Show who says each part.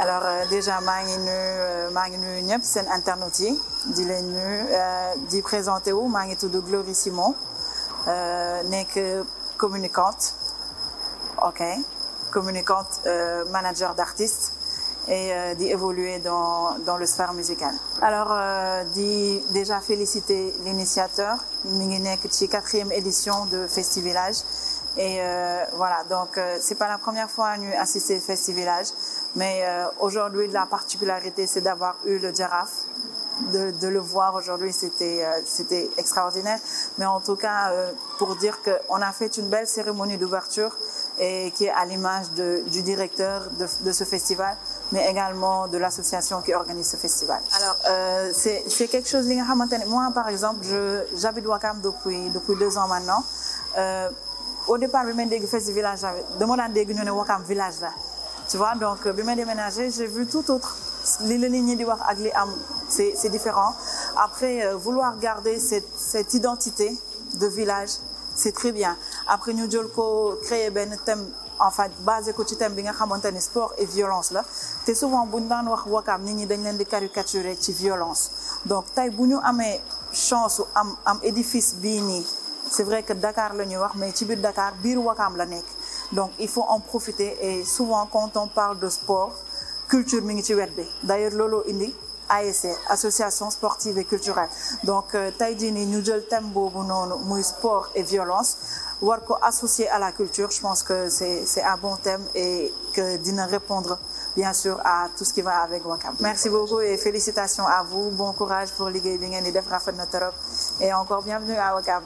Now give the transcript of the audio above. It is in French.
Speaker 1: alors euh, déjà magnu, magnu, nuyu euh, maa ngi nuyu ñëpp di leen euh, di présenté wu Simon communicante ok communicante manager d'artiste et di évoluer dans dans le sphère musicale. alors di déjà féliciter l'initiateur mi ngi nekk ci quatrième édition de Festivillage. Et euh, voilà, donc euh, c'est pas la première fois à nous assister au festival. mais euh, aujourd'hui la particularité c'est d'avoir eu le girafe. De, le voir aujourd'hui, c'était c'était extraordinaire. Mais en tout cas, pour dire qu'on a fait une belle cérémonie d'ouverture et qui est à l'image du directeur de, ce festival, mais également de l'association qui organise ce festival. Alors, c'est quelque chose. Moi, par exemple, j'habite Wakam depuis depuis deux ans maintenant au départ, je me suis village, de mon un village là. Tu vois, donc, je me déménagé, j'ai vu tout autre. Les lignes de c'est différent. Après, euh, vouloir garder cette, cette identité de village, c'est très bien. Après, nous avons créé un thème enfin fait, base ci thème bi nga xamante sport et violence là. T'es souvent bu ñu daan wax wakaam nit ñi dañ leen di caricaturer violence donc tey bu ñu amee chance ou am édifice bii c'est vrai que Dakar le New wax mais ci Dakar bir la donc il faut en profiter et souvent quand on parle de sport culture mini d'ailleurs l'Olo indi ASC association sportive et culturelle donc Taïdini, nous avons un thème sport et violence war ko à la culture je pense que c'est un bon thème et que dina répondre bien sûr à tout ce qui va avec Wakam. merci beaucoup et félicitations à vous bon courage pour Ligue et Bingen et def rafet et encore bienvenue à Wakam.